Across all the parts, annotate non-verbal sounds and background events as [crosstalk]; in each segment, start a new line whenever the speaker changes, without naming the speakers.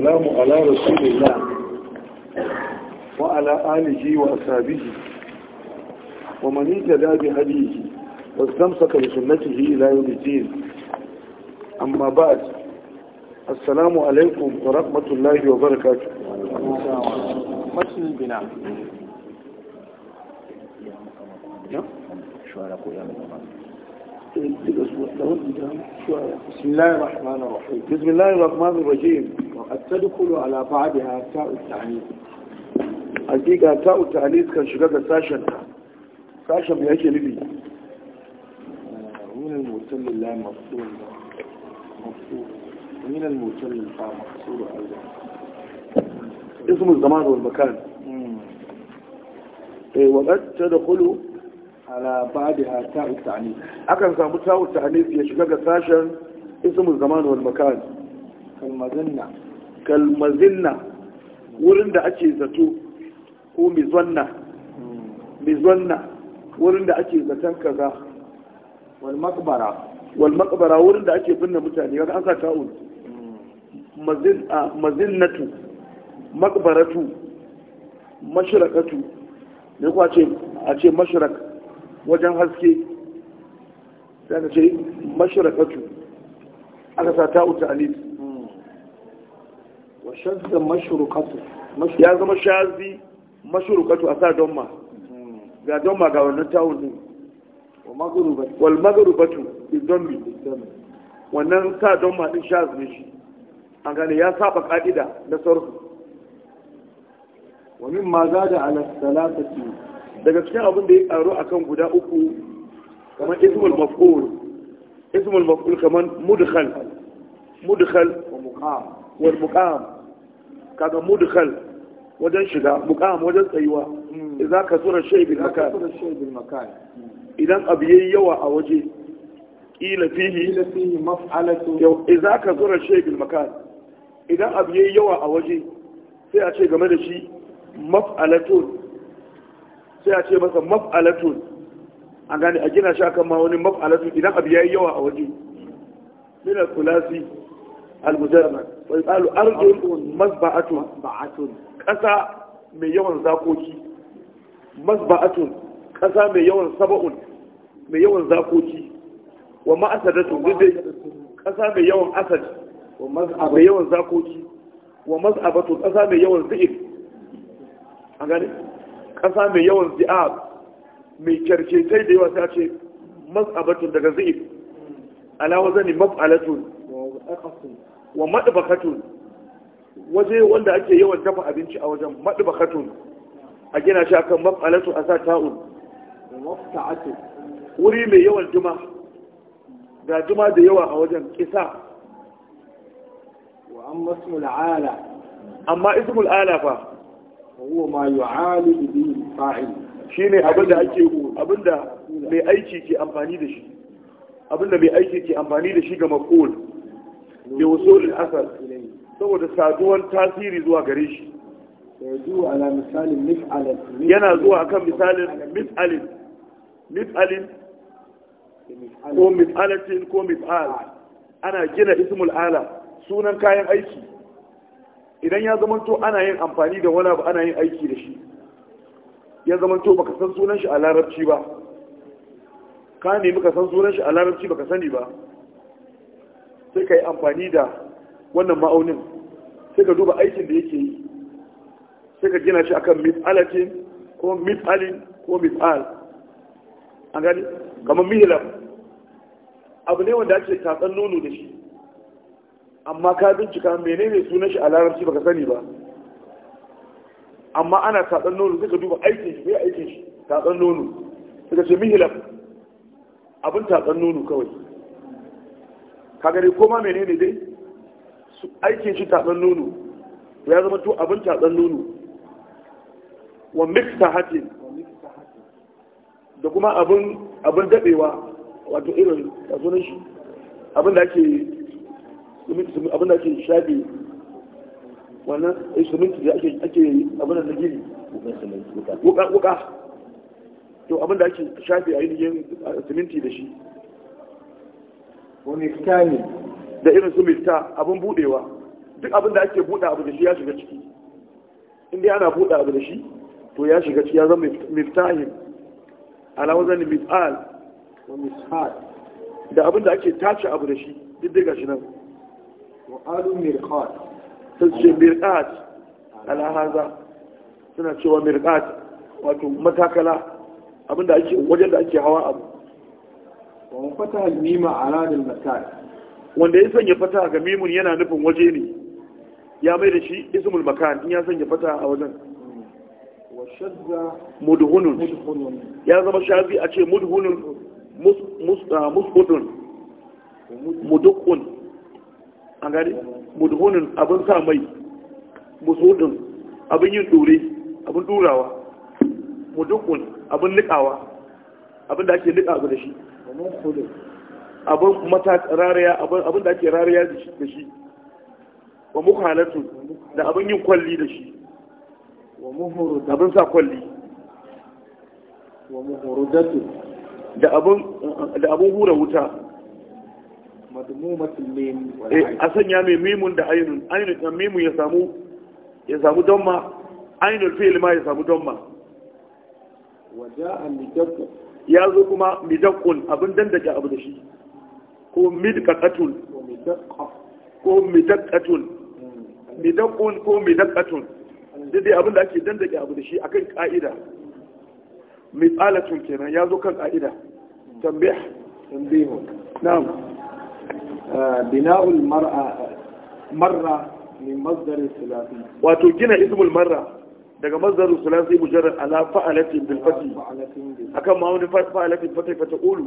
السلام على رسول الله وعلى آله وأصحابه ومن اهتدى بهديه واستمسك بسنته إلى يوم الدين أما بعد السلام عليكم ورحمة الله وبركاته مثل البناء بسم الله الرحمن الرحيم بسم الله الرحمن الرحيم التدخل على بعضها تاء التعنيف حقيقة تاء التعنيف كان شغال ساشن ساشن بيهاش لبي من المرسل لا مفصول مفصول من المرسل فا مفصول أيضا اسم الزمان والمكان وقد تدخل على بعضها تاء التعنيف أكن سامو تاء التعنيف يشغال ساشن اسم الزمان والمكان كالمذنة kalmazinna wurin da ake zato ko mizwanna mizwanna wurin da ake zaton kaza wal makbara wal makbara wurin da ake binne mutane kaga an sa ta'un mazin mazinnatu makbaratu mashraqatu ne ko ace ce a ce mashraq wajen haske sai ka ce mashraqatu aka sa ta'u ta'alif ya zama shazi mashurukatu a sa don ma ga don ma ga wannan tawun din wal maghrubatu bidammi wannan sa don ma din shazi ne shi an gane ya saba ka'ida na wani ma za da ala ce daga cikin abin da ya karu kan guda uku kamar ismul mafkul ismul mafkul kamar mudukhal mudukhal wal mukam kaga mudkhal wajen shiga muqam wajen tsayuwa hmm. ka tsura shay bil haka idan abu yayi yawa a waje ila fihi ila fihi maf'alatu eh, ka tsura shay bil makan idan abu yayi yawa a waje sai a ce game da shi maf'alatu sai a ce masa maf'alatu a gane a gina shi akan ma wani maf'alatu idan abu yayi yawa a waje min kulasi. al-mujarrad wa yuqalu ardun mai yawan zakoki masba'atun kasa mai yawan saba'un mai yawan zakoki wa ma'asadatu dai kasa mai yawan asad mai yawan zakoki wa mas'abatu kasa mai yawan zi'ib a mai yawan zi'ab mai kyarketai da yawa ta ce mas'abatun daga zi'ib ala wazani wa madbakatun waje wanda ake yawan dafa abinci a wajen madbakatun a gina shi akan mafalatu asa ta'un mafta'atu wuri mai yawan juma ga juma da yawa a wajen kisa wa amma ismul ala amma ismul ala fa huwa ma yu'alu bi fa'il shine abinda ake abinda mai aiki ke amfani da shi abinda mai aiki ke amfani da shi ga maqul bi wusul asar saboda saduwar tasiri zuwa gare shi yana zuwa akan misalin mis'alin mis'alin ko mis'alatin ko mis'al ana gina ismul ala sunan kayan aiki idan ya zama zamanto ana yin amfani da wani abu ana yin aiki da shi ya zamanto baka san sunan shi a larabci ba ka nemi ka san sunan shi a larabci baka sani ba sai ka yi amfani da wannan ma'aunin sai ka duba aikin da yake yi sai ka gina shi akan mis'alatin ko mis'alin ko mis'al an gani kamar mihilam abu ne wanda ake tatsan nono da shi amma ka bincika ne sunan shi a larabci baka sani ba amma ana tatsan nono sai ka duba aikin shi bai aikin shi tatsan nono sai ka ce mihilam abin tatsan nono kawai ka ko ma menene dai su aikin shi tatsan nono ya zama to abin tatsan nono wa mixta hatin da kuma abin abin dadewa wato irin tatsunan shi abin da ake abin da ake shafi wannan eh, instrumenti da ake abin da gini wuka wuka to abin da ake shafi ainihin siminti da shi wani da irin su mista abin budewa duk abin da ake buɗa abu da shi ya shiga ciki inda ana buɗe abu da shi to ya shiga ciki ya zama miftahin ala wazan mif'al wa mishal da abin da ake tace abu da shi duk daga shi nan wa alu mirqat sun ce mirqat ala haza suna cewa mirqat wato matakala abin da ake wajen da ake hawa abu wanda ya sanya fata ga mimun yana nufin waje ne ya mai da shi ismul makan in ya sanya fata a wajen wa mudhunun ya zama shazi a ce mudhunun mus'udun, ah, mudukun an gani mudhunun abin sa mai musudun abin yin dore abin durawa mudukun abin nikawa abin da ake nika abu da shi abin rariya abin da ake rariya da shi wa mukhalatu da abin yin kwalli da shi wa muhuru da abin sa kwalli wa muhurudatu da abin da abin hura wuta eh, a sanya mai mimun da ainihin ainihin mimun ya samu ya samu damma ainihin fi'il ma ya samu damma ya zo kuma midakun abin dandake abu da shi ko midkakatun ko midakatun midakun ko midakatun hmm. daidai abin da ake dandake abu da shi akan ka'ida mitsalatun kenan ya zo kan ka'ida tambih tambihu na'am ah, bina'ul mar'a marra min masdar salati wato gina ismul marra daga mazdaru sulasi mujarrad ala fa'alatin bil fati akan ma wani fa'alatin fati fata ulu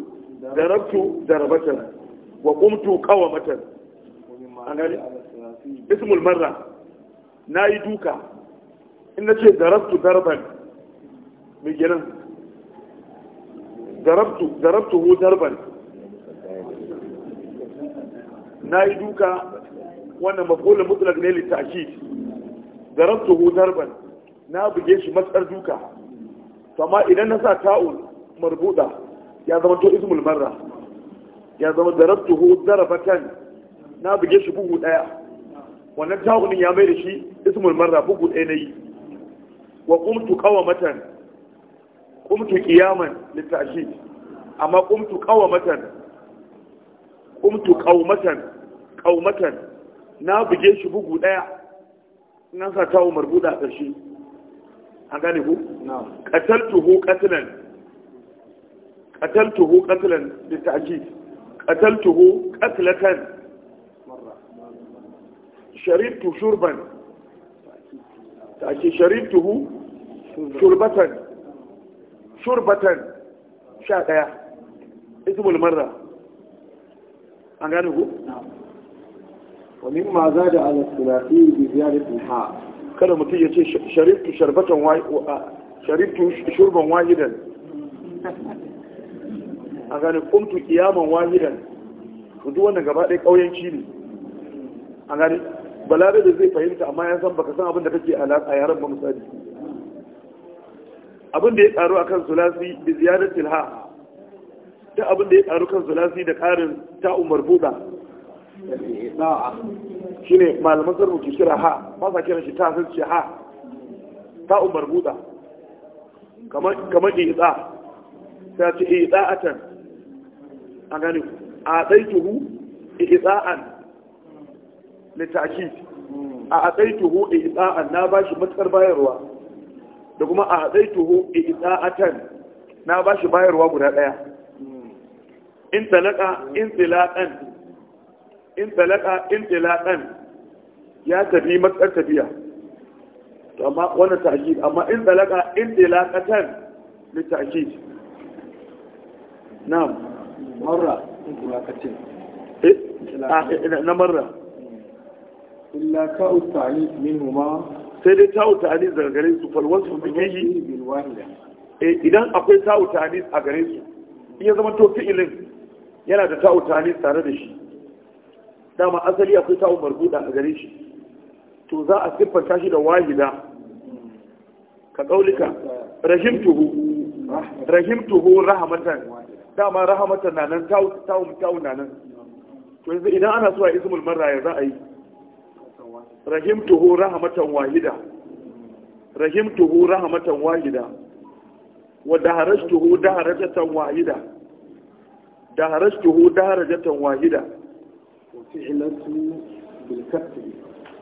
darabtu darabatan wa qumtu qawamatan an gani ismul marra nayi duka in nace darabtu darban me kenan darabtu darabtu hu darban nayi duka wannan maf'ul mutlaq ne li ta'kid darabtu hu darban na buge shi matsar duka amma idan na sa ta'ul marbuda ya zama to ismul marra ya zama darabtuhu darabatan na buge shi bugu daya wannan ta'ulin ya mai da shi ismul marra bugu daya nayi wa qumtu qawamatan qumtu qiyaman litashid amma qumtu qawamatan qumtu qawmatan qawmatan na buge shi bugu daya nan sa ta'ul marbuda a ƙarshe an gane ku qataltuhu qatlan qataltuhu qatlan bi ta'jid qataltuhu qatlatan sharibtu shurban ta'jid sharibtuhu shurbatan shurbatan sha daya ismul marra an gane ku ومما زاد على الثلاثي بزيادة الحاء kada mutum ya ce Shariftu sharbatan shurban wahidan a gane kuntu kiyaman wahidan to wanda wannan gaba ɗaya ƙauyenci ne a gane balare da zai fahimta amma ya san baka san abin da kake a yaren ba misali abin da ya a akan sulasi da ziyarar tilha ta abin da ya ƙaru kan sulasi da ƙarin ta umar buɗa ne malaman sarrafa ke kira ha ba sa kiran shi ta sun ce ha ta umar buda kamar iza ta ce iza ta. a gani a tsaituhu iza'an litaki a a tsaituhu iza'an na ba shi matsar bayarwa da kuma a tsaituhu iza'atan na ba shi bayarwa guda daya in talaka in tilakan in talaka in tilakan ya tafi matsar tafiya to amma wannan ta'kid amma in talaka in tilakatan li ta'kid na'am marra in talaqatin eh, ah, eh na marra illa ta'u ta'nis minhuma sai dai ta'u ta'lid daga gare su fal wasfu bihi bil wahida eh idan akwai ta'u ta'lid a gare su iya zama to fi'ilin yana da ta'u ta'lid tare da shi dama asali akwai tawo marbuda a gare shi to za a siffanta shi da wahida ka kaulika rahimtuhu rahimtuhu rahamatan dama rahamatan na nan tawo tawo na nan to yanzu idan ana so a ismul marra ya za a yi rahimtuhu rahamatan wahida rahimtuhu rahamatan wahida wa Tuhu, daharajatan wahida Tuhu, daharajatan wahida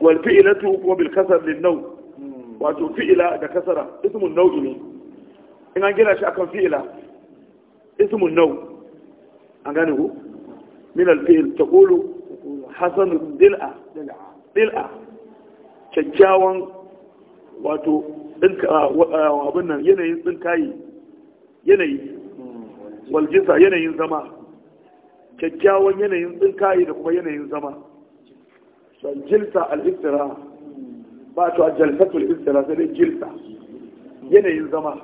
wal fi'ilatu kuma bil kasar lin nau wato fi'ila da kasara ismun nau'i ne in an gina shi akan fi'ila ismun nau an gane ku min al fi'il taqulu hasan dil'a dil'a kyakkyawan wato abin nan yanayin tsinkayi yanayi waljisa yanayin zama kyakkyawan yanayin tsinkaye da kuma yanayin zama jilta al-istira ba ta jalsatul istira sai dai jilta yanayin zama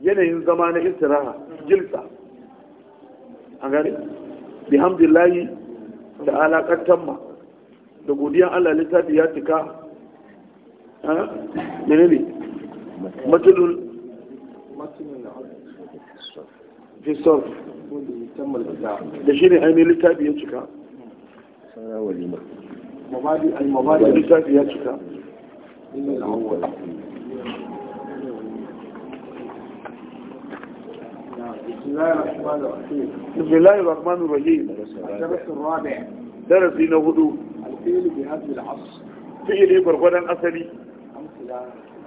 yanayin zama na istiraha jilta an gani bihamdillahi da alaƙantar ma da godiyan Allah littafi ya cika mene ne matulun fisof da shi ne ainihin بسم الله الرحمن الرحيم الدرس الرابع درس نهدو الفيل بهذه العصر فعل برغدا أسلي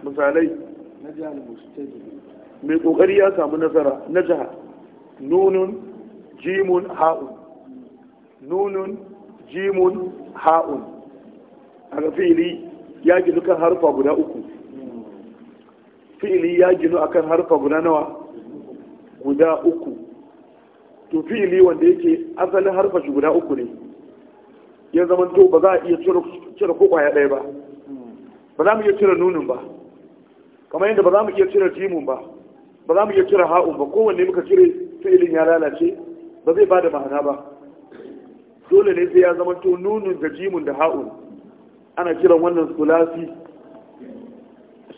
مثالي نجا المستجد من قرية من نجح nunun jimun ha'un nunun jimun ha'un a fi'ili ya ginu kan harfa guda uku fi'ili ya ginu akan harfa guda nawa guda uku to fi'ili wanda yake asalin harfa shi guda uku ne ya zama to ba za a iya cire ko kwaya ɗaya ba ba za mu iya cire nunin ba kamar yadda ba za mu iya cire jimun ba ba za mu iya cire ha'un ba kowanne muka cire fi'ilin ya lalace ba zai ba da ma'ana ba dole ne sai ya zama to nunun da jimun da ha'un ana kiran wannan sulasi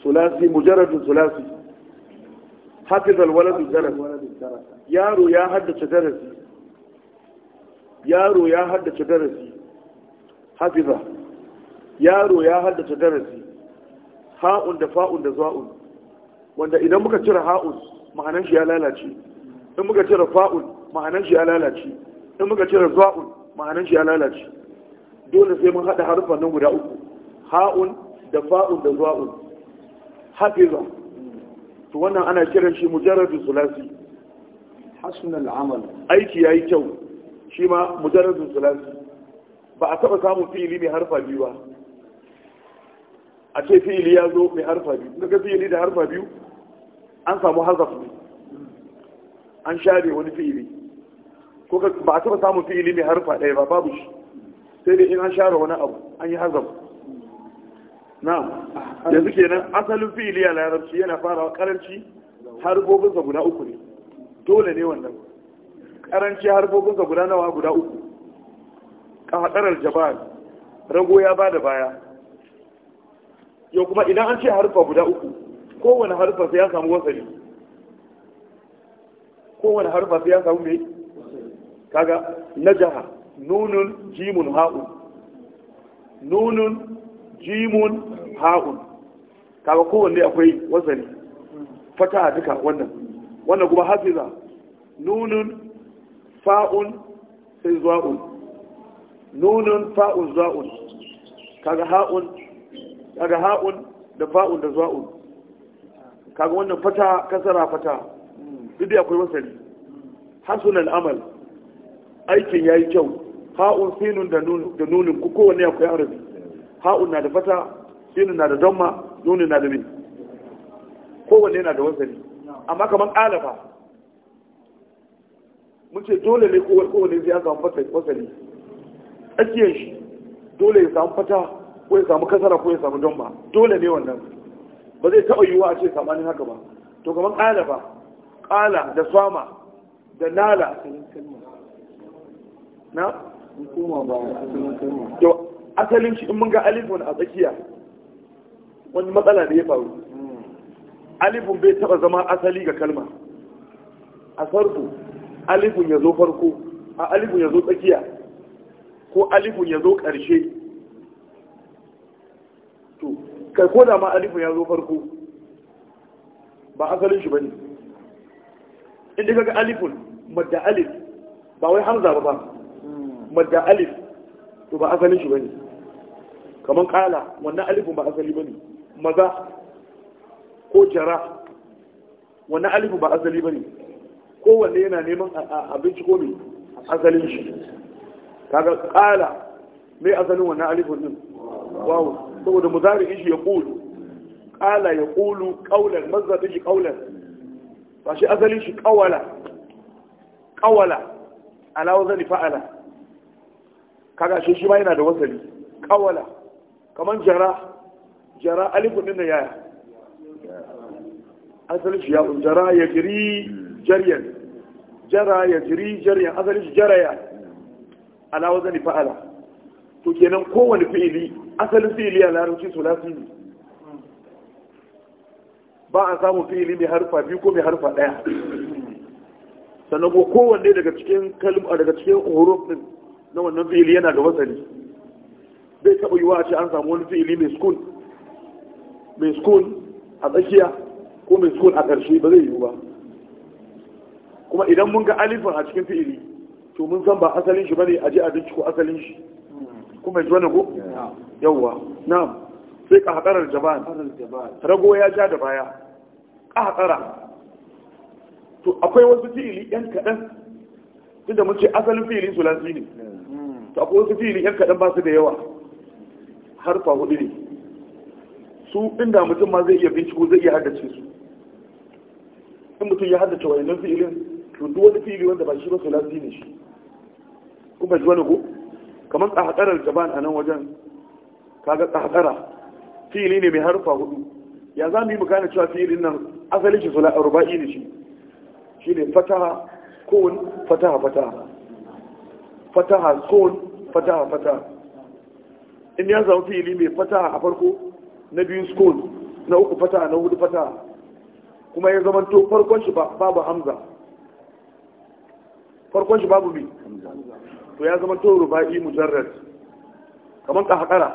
sulasi mujarradun sulasi hafiz alwaladu darasa yaro ya haddace darasi yaro ya haddace darasi hafiza yaro ya haddace darasi ha'un da fa'un da za'un wanda idan muka cire ha'un ma'anar shi ya lalace in muka cire fa'ul ma'anan shi ya lalace in muka cire za'ul ma'anan shi ya lalace dole sai mun hada harfan nan guda uku ha'un da fa'un da zuwa'un hafiza to wannan ana kiran shi mujarradu sulasi hasunan amal aiki ya yi kyau shi ma mujarradu sulasi ba a taɓa samun fi'ili mai harfa biyu ba a ce fi'ili ya zo mai harfa biyu ga fi'ili da harfa biyu an samu hazaf ne an share wani fi'ili ko ba a taɓa samun fi'ili mai harfa ɗaya ba babu shi sai dai in an share wani abu an yi hazam da yanzu kenan asalin fi'ili a larabci yana farawa karanci harfofinsa guda uku ne dole ne wannan karanci harfofinsa guda nawa guda uku ka haɗarar jabal rago ya ba da baya yau kuma idan an ce harfa guda uku kowane harfa sai ya samu wasali kowane harfa sai ya samu mai kaga najaha nunun jimun ha'un nunun jimun ha'un kaga kowanne akwai wazari fata a duka wannan wannan kuma hafiza nunun fa'un sai zuwa'un nunun fa'un zuwa'un kaga ha'un kaga ha'un da fa'un da zuwa'un kaga wannan fata kasara fata duk da akwai wasali hasunan amal aikin ya yi kyau ha'un sinun da nunin ku kowanne akwai arabi ha'un na da fata sinun na da damma nunin na da min kowanne na da wasari amma kamar alafa mun ce dole ne kowanne zai samu fata wasari ake shi dole ya samu fata ko ya samu kasara ko ya samu damma dole ne wannan ba zai taɓa yiwuwa a ce samanin haka ba to kamar alafa. ƙala da sama da nala na? yau asalin shi in mun ga alifun a tsakiya wani matsala da ya faru alifun bai taba zama asali ga kalma a farko alifun ya zo farko a alifun ya zo tsakiya ko alifun ya zo ƙarshe to kai ko da ma alifun ya zo farko ba asalin shi ba ne inda ga alifun madda alif ba wai hamza ba ba madda alif to ba asalin shi bane kaman kala wannan alifun ba asali bane maza ko jara wannan alifun ba asali bane kowanne yana neman abinci ko ne asalin shi kaga kala mai asalin wannan alifun din wawo saboda muzari shi ya kulu kala ya kulu kaulan mazza shi kaulan ba shi asalin shi ƙawala ƙawala alawa zani fa'ala kaga shi shi ma yana da wazali ƙawala kaman jara jara alifin din da yaya asalin shi yawon jara ya jiri jaryan jara ya jiri jaryan asalin shi jaraya alawa zani fa'ala to kenan kowane fi'ili asalin fi'ili a larabci sulasi ne ba a samun fi'ili mai harfa biyu ko mai harfa ɗaya sannan ko kowanne daga cikin kalma daga cikin huruf din na wannan fi'ili yana da wasali bai taɓa yiwa a ce an samu wani fi'ili mai skul mai skul a tsakiya ko mai skul a ƙarshe ba zai yiwu ba kuma idan mun ga alifin a cikin fi'ili to mun san ba asalin shi bane a je a binciko asalin shi kuma ji wani ko yawwa na'am sai ka haɗarar jaban rago ya ja da baya ahatsara to akwai wasu fi'ili yan kaɗan tunda mun ce asalin fi'ilin sulasi ne to akwai wasu fi'ili yan kaɗan ba su da yawa harfa hudu ne su inda mutum ma zai iya binciko zai iya haddace su in mutum ya haddace wayannan fi'ilin to duk wani fi'ili wanda ba shi ba sulasi ne shi kuma ji wani ko kamar tsahadarar jaban a nan wajen kaga tsahadara fi'ili ne mai harfa hudu ya za mu yi mu gane cewa fi'ilin nan asalin shi sula ruba'i ne shi shi ne fataha kun fataha fataha fataha kun fataha fataha in ya zama fili mai fataha a farko na biyu skon na uku fataha na hudu fataha kuma ya zama to farkon shi babu hamza farkon shi babu bi to ya zama to ruba'i mujarrad kamar ka haƙara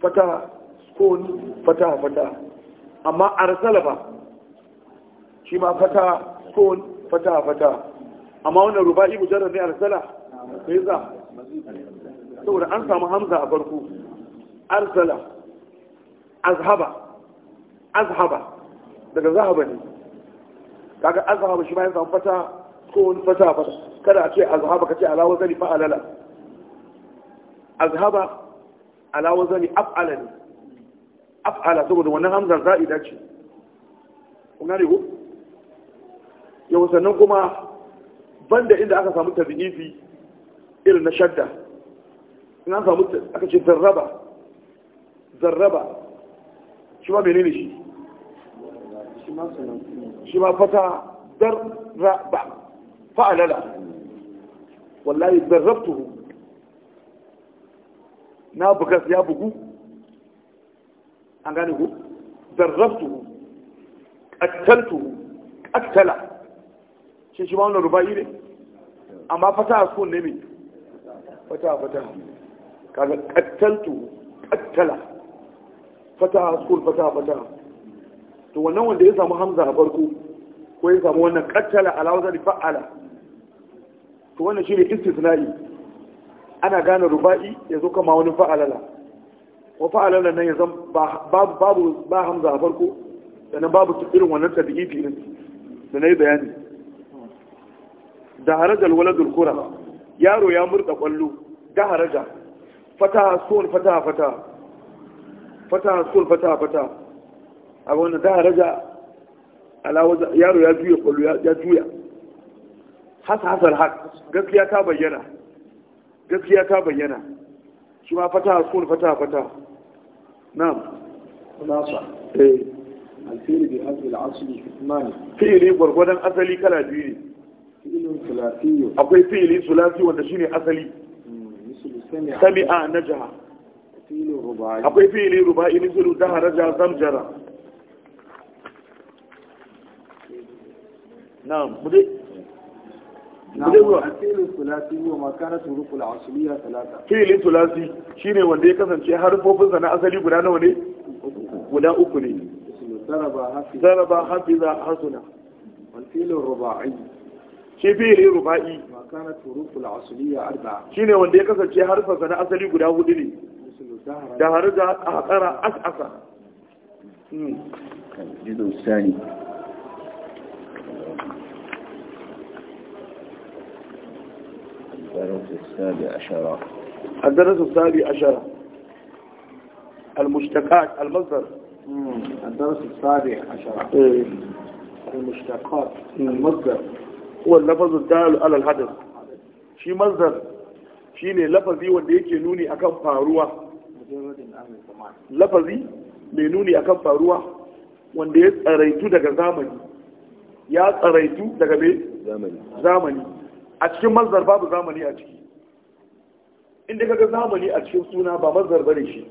fataha skon fataha fataha amma arsala ba shi ma fata son fata fata amma wannan ruba'i mujarrad ne arsala sai za saboda an samu hamza a farko arsala azhaba azhaba daga zahaba ne kaga azhaba shi ma ya samu fata son fata fata kada a ce azhaba kace alawa zani fa'alala azhaba alawa zani af'ala af'ala saboda wannan hamza za'ida ce kuma ne ko yau sannan kuma banda inda aka samu tabi'ifi irin na shadda in an samu aka ce zarraba zarraba shi ma menene shi shi ma fata zarraba fa'alala wallahi zarrabtu na bugas ya bugu an gane ku zarrabtu qattaltu qattala shi shi ma wannan rubai ne amma fata su ne me fata fata kaga qattaltu qattala fata su fata fata to wannan wanda ya samu hamza a farko ko ya samu wannan qattala ala wazan fa'ala to wannan shine istisna'i ana gane rubai yazo kama wani fa'alala wa fa'ala nan ya zan babu ba hamza a farko sannan babu irin wannan tabi'i din da nayi bayani da harajal waladul qura yaro ya murda kwallo da haraja fata sun fata fata fata sun fata fata a wannan da haraja alawaza yaro ya juya kwallo ya juya hasa hasar hak gaskiya ta bayyana gaskiya ta bayyana shi ma fata sun fata fata na'am kulasa eh alfi'il bi hadhihi al-asli gwargwadon asali kala biyu ne akwai fi'ili sulasi wanda shine asali hmm, sami'a najaha akwai fi'ili ruba'i misalu daharaja zamjara na'am mu dai fi'ilin tulasi shine wanda ya kasance harfofin na asali guda nawa ne guda uku ne zaraba hafiza hasuna fi'ilin ruba'i shi fi'ilin ruba'i shine wanda ya kasance harfarsa na asali guda hudu ne da harza a hakara as'asa hmm. السابع عشر الدرس السابع عشر المشتقات المصدر الدرس السابع عشر المشتقات المصدر هو اللفظ الدال على الحدث شي مصدر lafazi wanda yake nuni akan faruwa lafazi mai nuni akan faruwa wanda ya tsaraitu daga zamani ya tsaraitu daga zamani a cikin manzar babu zamani a ciki inda kaga zamani a cikin suna ba mazdar bane shi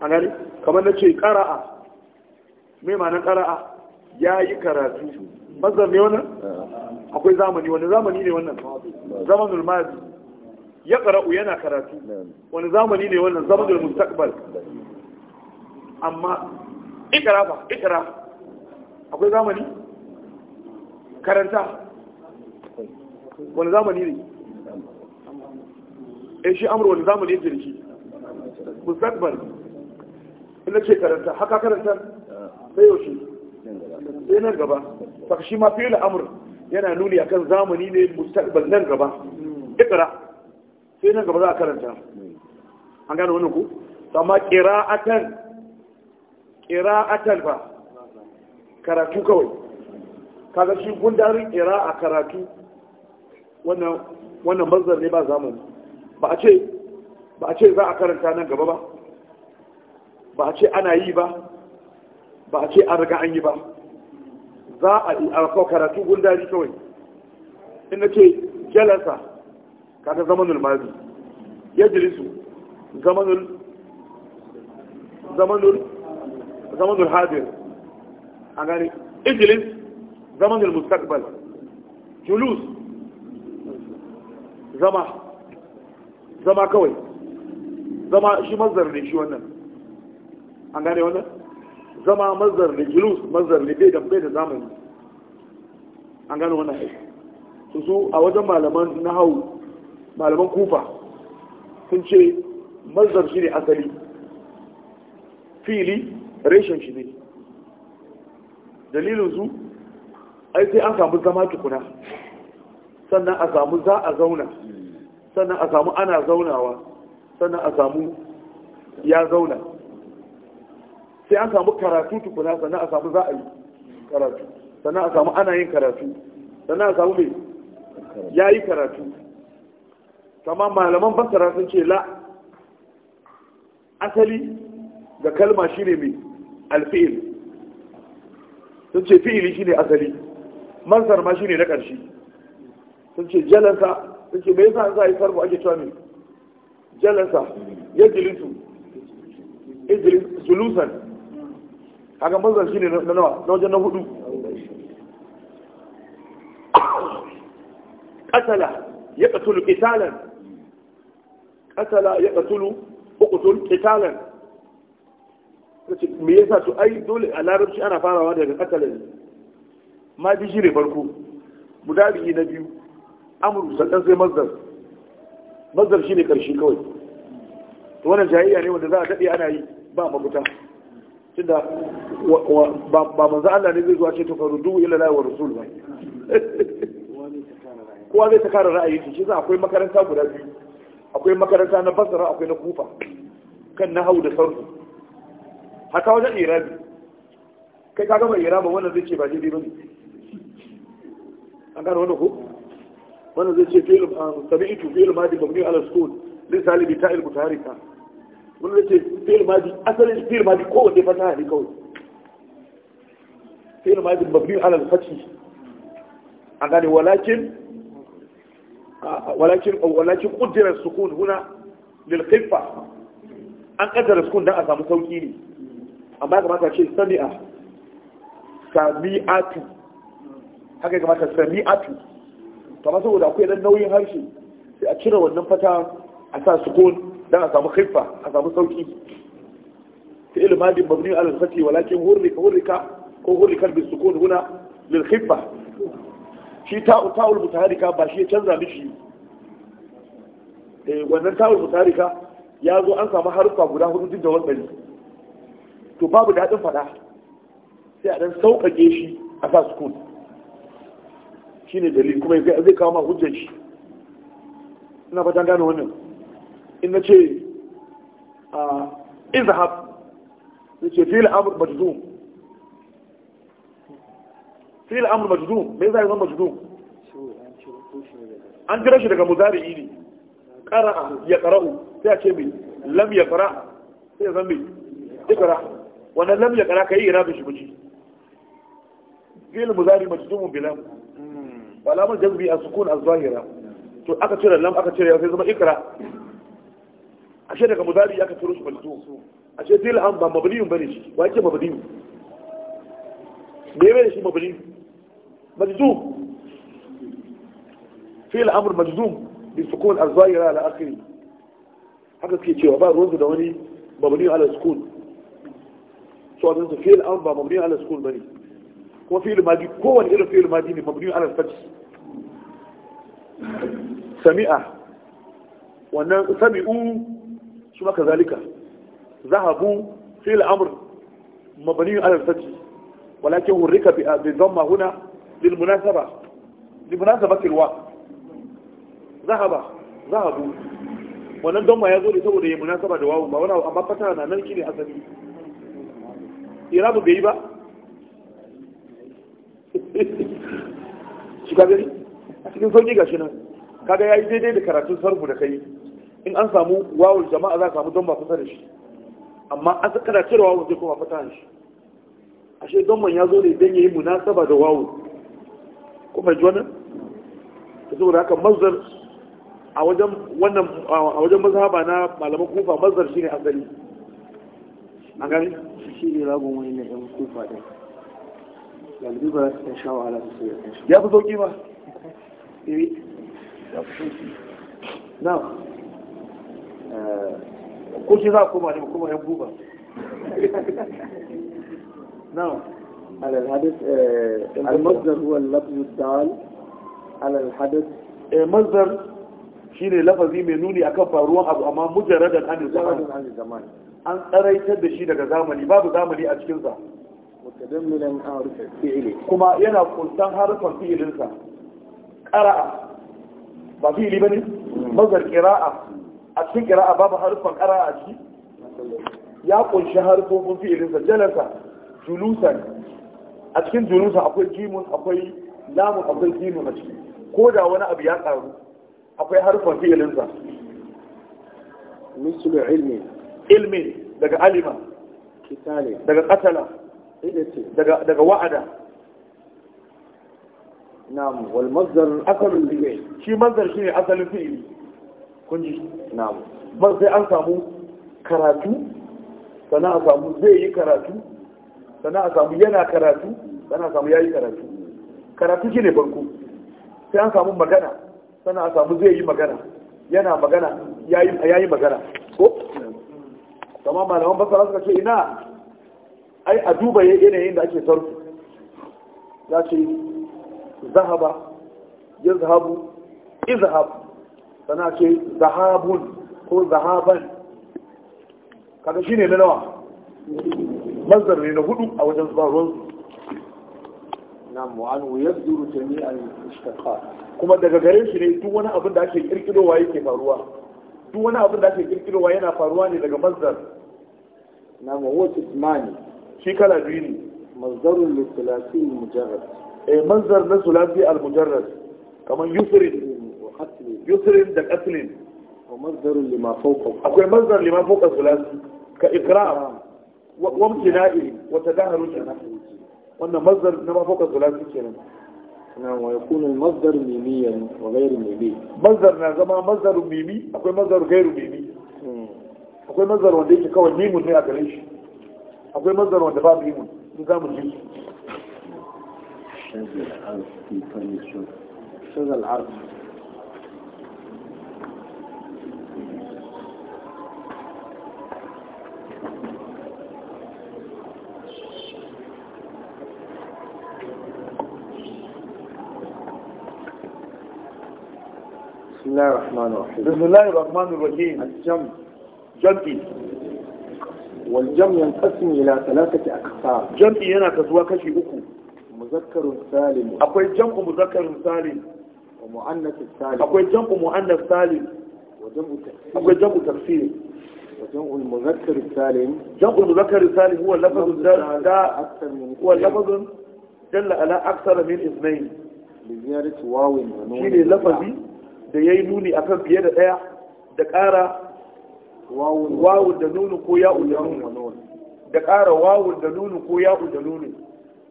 a kamar na ce ƙara'a mai ma'anar ƙara'a ya yi karatu mazdar ne wannan akwai zamani wani zamani ne wannan zamanul mazi ya ƙara'u yana karatu wani zamani ne wannan zamanul mustaqbal amma ikra ba ikra akwai zamani karanta wani zamani ne ya eh, shi amru wani zamani ya da shi mustaqbal ina ce karanta haka karanta sai yaushe sai nan gaba saka shi ma fi'il amr yana nuni akan zamani ne mustaqbal nan gaba ikra sai nan gaba za a karanta an gane wannan ku amma qira'atan qira'atan ba karatu kawai kaga shi gundarin a karatu wannan mazar ne ba zamani ba a ce za a karanta nan gaba ba ba a ce ana yi ba ba a ce an riga an yi ba za a yi a karatu gundari kawai ina ce jalasa kada zamanul mazi ya jilisu zamanul zamanul zamanul hadir a gani ijilis zamanul mustaqbal julus zama zama kawai zama shi mazar ne shi wannan an gane wannan zama mazar ne julus mazar ne bai da bai da zamani an gane wannan su su a wajen malaman hau malaman kufa sun ce mazar shi ne asali fili reshen shi ne dalilin su ai sai an samu zama tukuna sannan a samu za a zauna sannan a samu ana zaunawa sannan a samu ya zauna sai an samu karatu tukuna sannan a samu za a yi karatu sannan a samu ana yin karatu sannan a samu mai ya yi karatu kama malaman basara sun ce la asali ga kalma shine mai alfi'il sun ce fi'ili ne asali mansar ma shi ne na ƙarshe sun ce jalansa suke mai yasa za a yi sarfu ake cewa ne jalansa ya jilisu ijilis julusan haka mazan shi ne na nawa na wajen na hudu katala ya katulu kitalan katala ya katulu ukutul kitalan mai yasa to ai dole a larabci ana farawa daga katala ne ma bi shi ne farko mudari na biyu amru sannan sai mazdar mazdar shine karshe kawai to wannan jayayya ne wanda za a dade ana yi ba mafita tunda ba manzo Allah ne zai zuwa ce to farudu ila la wa rasul ba [laughs] kowa zai ta kare ra'ayi shi za akwai makaranta guda biyu akwai makaranta na basra akwai na kufa kan na hau da sarfu haka wajen irabi kai ka gama irabi wannan zai ce ba daidai ne. an gano wannan ko wannan zai ce fi'il ah, sami'tu fi'il madi mabni ala sukun lin salibi ta'il mutaharika wannan zai ce fi'il madi asalin fi'il madi kowanne fataha ne kawai fi'il madi mabni ala fathi a gane walakin walakin walakin qaddara sukun huna lil khifa an kaddara sukun dan a samu sauki ne amma ya kamata ce sami'a sami'atu haka ya kamata sami'atu kamar saboda akwai dan nauyin harshe sai a cire wannan fata a sa sukun dan a samu khiffa a samu sauki fi ilmadin mabni ala fati walakin hurri hurrika ko hurrika bi sukun huna lil khiffa shi ta'u ta'ul mutaharika ba shi ya canza mishi eh wannan ta'ul mutaharika ya zo an samu harfa guda hudu din da wannan to babu dadin fada sai a dan sauƙaƙe shi a sa sukun shine dalil kuma zai kawo ma hujjar shi ina fatan gane wannan in na ce a ah, izhab zai ce fil amr majdum fil amr majdum me yasa yasan majdum an jira shi daga muzari'i ne kara ya qara'u sai a ce mai lam ya qara sai ya zambe ikra wannan lam ya qara kai irabin shi miji fil muzari majdumun bilam Ba lamul jazbi a sukun az-zahira to aka cire lam aka cire sai zama ikra ashe daga mudari aka ciro shi malzu ashe dirham ba mabniyun bane shi wa yake mabniyu me bane shi mabniyu majzum fi al-amr majzum bi sukun az-zahira ala akhirih haka suke cewa ba ruwansu da wani mabniyu ala sukun so abin su fi al-amr ba mabniyu ala sukun bane ko fi'il madi kowane irin fi'il madi ne mabni ala al sami'a wannan sami'u su maka zalika zahabu fi'il amr mabni ala al walakin hurrika bi dhamma huna lil munasaba li munasabati al-wa zahaba zahabu wannan dhamma ya zo ne saboda ya munasaba da wawu ba wani amma fatana nan shine asali irabu bai yi ba shi ka gani a cikin sauki gashi nan kaga yayi daidai da karatun sarfu da kai in an samu wawul jama'a za a samu don ba kusa da shi amma an saka da cire wawul zai kuma fata shi ashe don man ya zo ne don yayi munasaba da wawul kuma ji wannan ta saboda haka mazdar a wajen wannan a wajen mazhaba na malaman kufa mazdar shine asali
an gani shi ne ragon wani na yan kufa din yanzu ba za sha
ba ya fi eh. eh, ko koma على الحدث المصدر هو اللفظ الدال على الحدث shine lafazi mai nuni akan faruwan abu amma mujaradan an zaman an tsaraitar da shi daga zamani babu zamani a cikinsa mutadammilan harfi fi'ili kuma yana kuntan harfin fi'ilinsa qara'a ba fi'ili bane mazar qira'a a cikin qira'a babu harfin qara'a a ciki ya kunshi harfofin fi'ilinsa jalasa julusan a cikin julusa akwai jimun akwai lamun akwai jimun a ciki koda da wani abu ya karu akwai harfin fi'ilinsa mislu ilmi ilmi daga alima daga qatala daga wa'ada na'am wal asalin fi'il shi shi ne asalin fi'il kun ji na'am ba sai an samu karatu sana a samu zai yi karatu sana a samu yana karatu sana a samu yi karatu karatu shine banku. sai an samu magana sana a samu zai yi magana yana magana Ya yi magana ko kamar malaman basara suka ce ina ai a duba yanayin da ake sarfu za ce zahaba ya zahabu izahabu sana ce zahabun ko zahaban kada shi ne na nawa mazdar ne na hudu a wajen tsaronsu nam ya anhu yabduru a ishtaqat kuma daga gare shi ne duk wani abin da ake kirkirowa yake faruwa duk wani abin da ake kirkirowa yana faruwa ne daga mazdar Na mawacin mani shi kala biyu ne manzarin lissalasi mujarrad a eh, manzar na sulasi al-mujarrad kamar yusrin yusrin da katlin a manzarin limafokan akwai manzar limafokan sulasi ka ikira ikra wamci na'i wata daharu ke na wannan manzar na mafokan sulasi ke nan na waya kunan manzar mimi ya wa gairu mimi manzar na zama manzarin mimi akwai manzar gairu mimi hmm. akwai manzar wanda yake kawai mimun ne a gare shi akwai mazgar wanda ba yi mun in za mu ji بسم الله الرحمن الرحيم بسم الله الرحمن الرحيم الجمع جمعي والجمع ينقسم إلى ثلاثة أقسام جمع هنا كسوا كشي أكو مذكر سالم أكو الجمع مذكر سالم ومؤنث سالم أكو الجمع مؤنث سالم وجمع تكسير أكو الجمع تكسير وجمع المذكر السالم جمع المذكر السالم هو اللفظ ده أكثر من هو اللفظ دل على أكثر من اثنين لزيادة واو ونون شيء لفظي da ya yi nuni a kan fiye da ɗaya da ƙara Wawul da nunu ko ya'u da nunu da ƙara wawul da nunu ko ya'u da nunu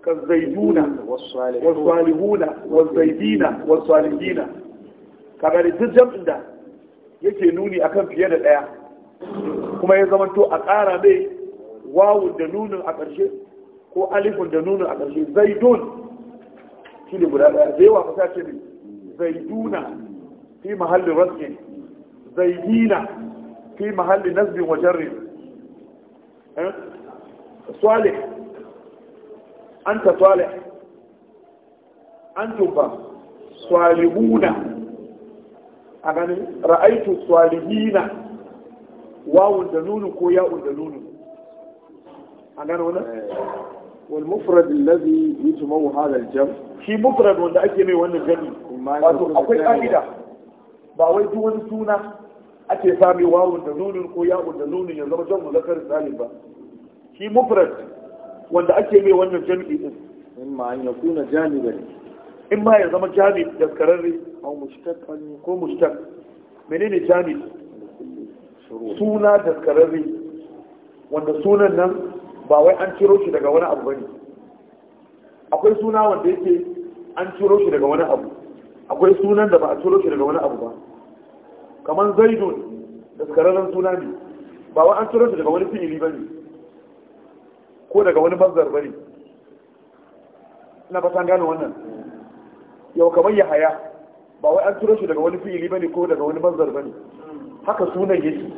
kan zaiduna wasalihuna wasu wasalihina ka gani duk jam'in da yake nuni akan fiye da ɗaya kuma ya zama to a ƙara mai wawul da nunu a ƙarshe ko alifun da nunu a ƙarshe zaidun shi ne guda ɗaya zai wa fasa ce ne zaiduna fi mahallin raskin zaidina fi mahalli nasbin wa jarri eh? salih anta salih antum ba salihuna a ganin ra'aitu salihina wawun da nunu ko da a والمفرد الذي يجمع هذا الجمع shi mufrad wanda ake mai wannan gani wato akwai ka'ida ba wai ake sami wawun da nunin ko ya'un da nunin ya zama jan muzakar salim ba shi mufrad wanda ake mai wannan jami'i din in ma an yakuna jami'an in ma ya zama jami'i da kararre a mushtaqan ko mushtaq menene jami'i suna da kararre wanda sunan nan ba wai an ciro shi daga wani abu bane akwai suna wanda yake an ciro shi daga wani abu akwai sunan da ba a ciro shi daga wani abu ba kamar zaidun da skararren suna ne ba wa an turansu daga wani fi'ili ba ne ko daga wani bazar ba ne ina fasan gano wannan yau kamar ya haya ba wa an turansu daga wani fi'ili ba ne ko daga wani bazar ba ne haka sunan yake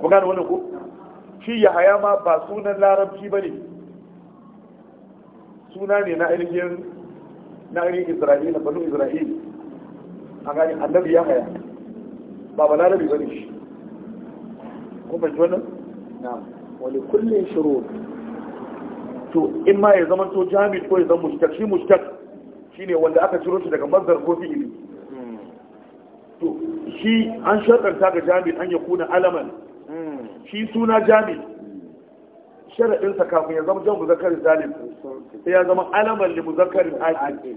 ku gano wannan ko shi ya haya ma ba sunan larabci ba ne suna ne na ainihin na ainihin isra'ila banu isra'ila a gani annabi ya haya ba ba larabi ba ne shi kun fahimci wannan na wani kullum shiro to in ma ya zama to jami ko ya zama mushtak shi mushtak ne wanda aka ciro shi daga mazdar ko fi'ili to shi an sharɗanta ga jami an ya kuna alaman shi suna jami sharaɗinsa kafin ya zama jan muzakarin zalim sai ya zama alaman li muzakarin aqil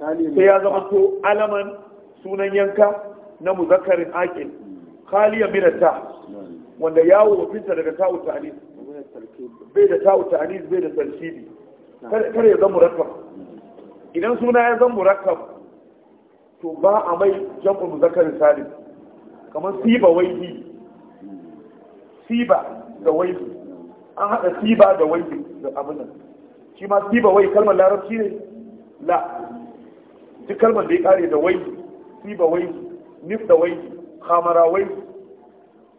sai ya zama to alaman sunan yanka na muzakarin aqil khaliya min ta wanda yawo wafinta daga ta'u ta'anis bai da ta'u ta'anis bai da tarkibi kar ya zama murakkab idan suna ya zama murakkab to ba a mai jam'u muzakarin salim kamar siba bi, siba da bi. an haɗa siba da waihi da abin nan shi ma siba wai kalmar larabci ne la duk kalmar da ya kare da bi. sibawai nifdawai khamarawai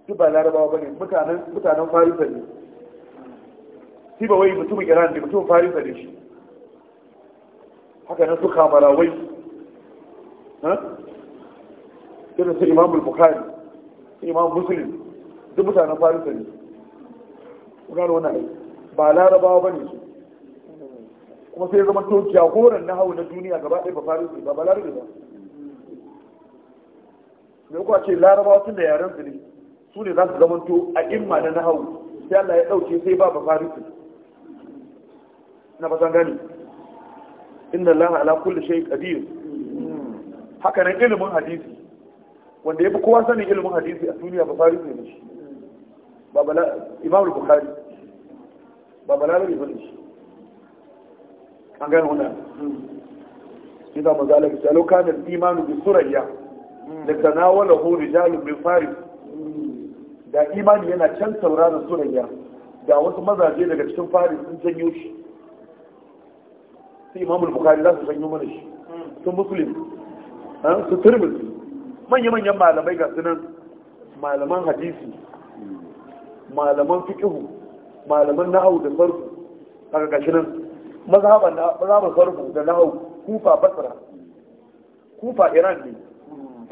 su ba larabawa ba mutanen mutanen farisa ne sibawai mutumin iran ne mutumin farisa ne shi haka nan su khamarawai irin su imamul bukhari su imam muslim duk mutanen farisa ne gano wannan ba larabawa bane su kuma sai zama tokiya jagoran na hau na duniya gaba ɗaya ba farisa ba ba larabawa me kuwa ce larabawa tun da yaren su ne su ne za su zamanto a imma na nahawu sai Allah ya dauke sai ba bafarisi na fasan gani inna Allah ala kulli shay qadir haka nan ilimin hadisi wanda yafi kowa sanin ilimin hadisi a duniya bafarisi ne shi ba bala Imam Bukhari ba bala ne shi an gani wannan إذا مزالك سألو كان الإيمان بسرية da tanawala hu rijalun min fari da imani yana can da surayya da wasu mazaje daga cikin fari sun janyo shi su imamul bukari za su janyo mana shi su muslim su turmuzi manya-manyan malamai ga sunan malaman hadisi malaman fikihu malaman na'au da sarfu a ƙarƙashin nan mazhaban sarfu da na'au kufa basra kufa iran ne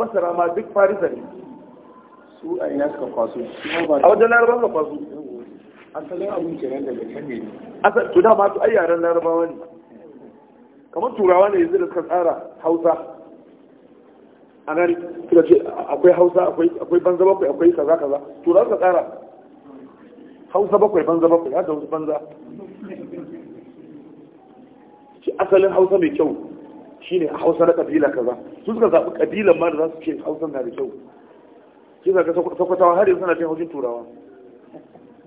basara ma duk farisa ne su a ina suka kwaso a wajen larabawa suka kwaso asalin abin kenan daga can ne asal to dama masu ai yaren larabawa ne kamar turawa ne yanzu da suka tsara hausa a nan suka ce akwai hausa akwai banza bakwai akwai kaza kaza turawa suka tsara hausa bakwai banza bakwai ya da wasu banza asalin hausa mai kyau shine hausa na kabila kaza su suka zaɓi kabilan ma da za su ce hausa na da kyau shi za ka sakwatawa har yanzu suna jin hausin turawa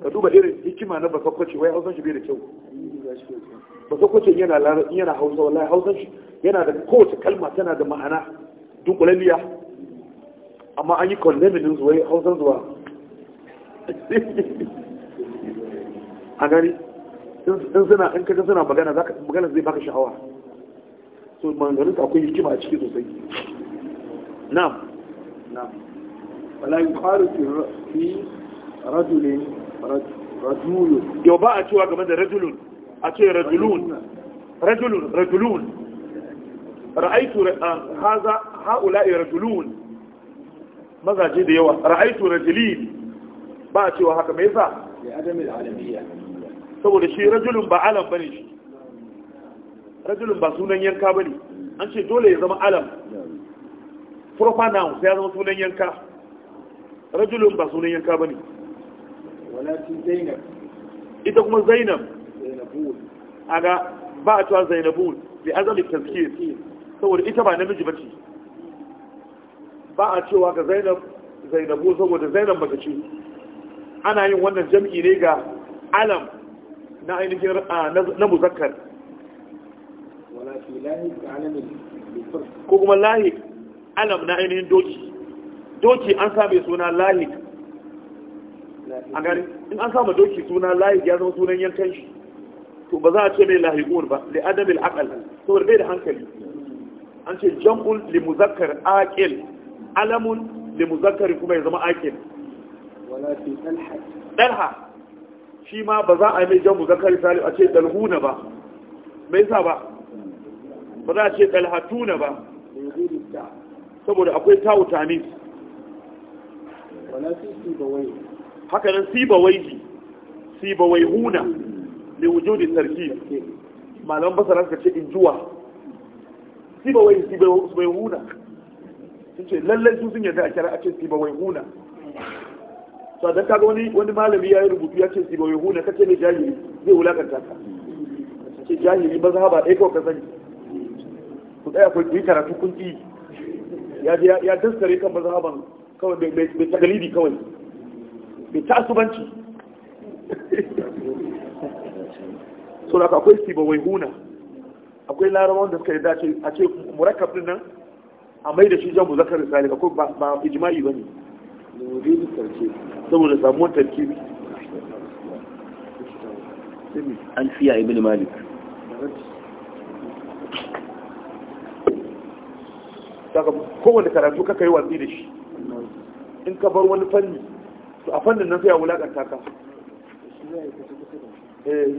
ka duba irin hikima na basakwaci wai hausan shi bai da kyau basakwaci yana yana hausa wallahi hausan shi yana da kowace kalma tana da ma'ana dunkulaliya amma an yi kwanleminin zuwa hausan zuwa
[laughs]
a gani in suna in kaga suna magana magana zai baka sha'awa to manganin akwai hikima a ciki sosai na'am na'am wala yuqalu fi rajulin rajulun yau ba a cewa game da rajulun a ce rajulun rajulun rajulun ra'aitu rajulun mazaje da yawa ra'aitu rajulin ba a cewa haka me yasa saboda shi rajulun ba alam bane shi rajulun ba sunan yanka ba ne an ce dole ya zama alam proper noun sai ya zama sunan yanka rajulun ba sunan yanka ba ne walakin zainab ita kuma zainab aga ba a cewa zainabun bi azali tazkir saboda ita ba namiji bace ba a cewa ga zainab zainabu saboda zainab mace ce ana yin wannan jam'i ne ga alam na ainihin ah, na muzakkar ko kuma lahik alam na ainihin doki doki an same suna lahik a gani in an sama doki suna lahik ya zama sunan yankan shi to ba za a ce mai lahikun ba da adamil akal saboda bai da hankali an ce jam'ul li muzakkar aqil alamun li muzakkar kuma ya zama aqil dalha shi ma ba za a yi mai jan muzakkar salim a ce dalhuna ba me yasa ba ba za a ce dalhatuna ba saboda akwai tawu tanis haka nan sibawaihi sibawaihuna ne wujudi sarki. malaman basara suka ce injuwa sibawaihi sibawaihuna sun ce lallai su sun yarda a kira a ce sibawaihuna to dan kaga wani wani malami ya yi rubutu ya ce sibawaihuna kace ne jahili zai wulakanta ka ce jahili ba za mazhaba ɗaya kawai ka sani daya ko yi karatu kun ƙi ya daskare kan mazhaban kawai bai tagalidi kawai bai ta'asubanci [laughs] so da akwai wai huna akwai larabawan da suka yi dace a ce murakkab din nan a mai da shi jan muzakar misali akwai ba ijma'i ba ne saboda samuwar tarkibi fiya ibn malik saka kowane karatu kaka yi watsi da shi in ka bar wani fanni to a fannin nan sai ya wulakanta ka eh.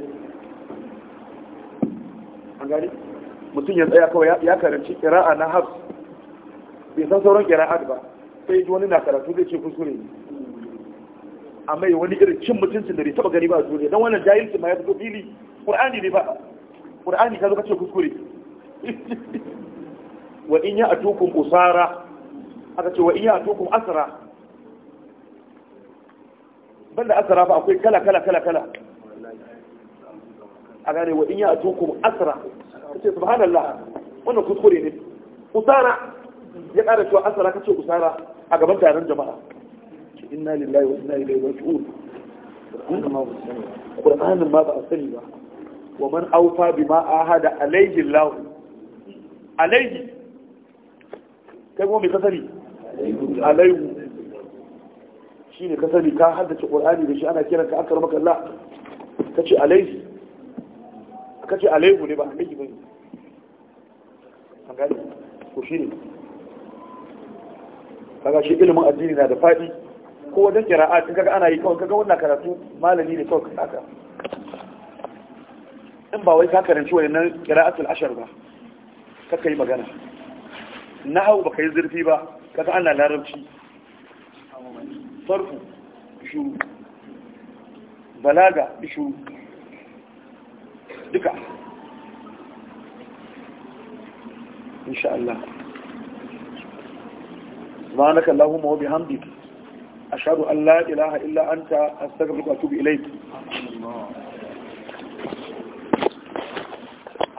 an gani mutum ya tsaya kawai ya karanci kira'a na hafs bai san sauran kira'a ba sai ji wani na karatu zai ce kuskure ne amma ya wani irin cin mutuncin da bai taba gani ba a duniya don wannan jahilci ma ya fito fili qur'ani ne ba qur'ani ka zo ka ce kuskure [laughs] wa in ya tukun usara aka ce wa in ya tukun asara banda asara fa akwai kala kala kala kala a gane wa in ya tukun asara ce subhanallah wannan kuskure ne usara ya ƙara cewa asara ka ce usara a gaban taron jama'a inna lillahi wa inna ilaihi raji'un Qur'anin ma ba a sani ba wa man aufa bima ahada alayhi Allah alayhi kai kuma mai kasari alaihu shi ne kasari ka haddace ƙwar'ani da shi ana kiran ka akar makalla ka ce alaihi ka ce alaihu ne ba alaihi bai an gani ko shi ne kaga shi ilimin addini na da faɗi ko wajen kira'a tun kaga ana yi kawai kaga wannan karatu malami ne kawai haka in ba wai ka karanci wani nan kira'atul ashar ba ka yi magana na hau baka yi zurfi ba kasa ana larabci sarfu shuru balaga shuru duka insha Allah subhanaka allahumma wa bihamdika ashhadu an la ilaha illa anta astaghfiruka wa atubu
ilayk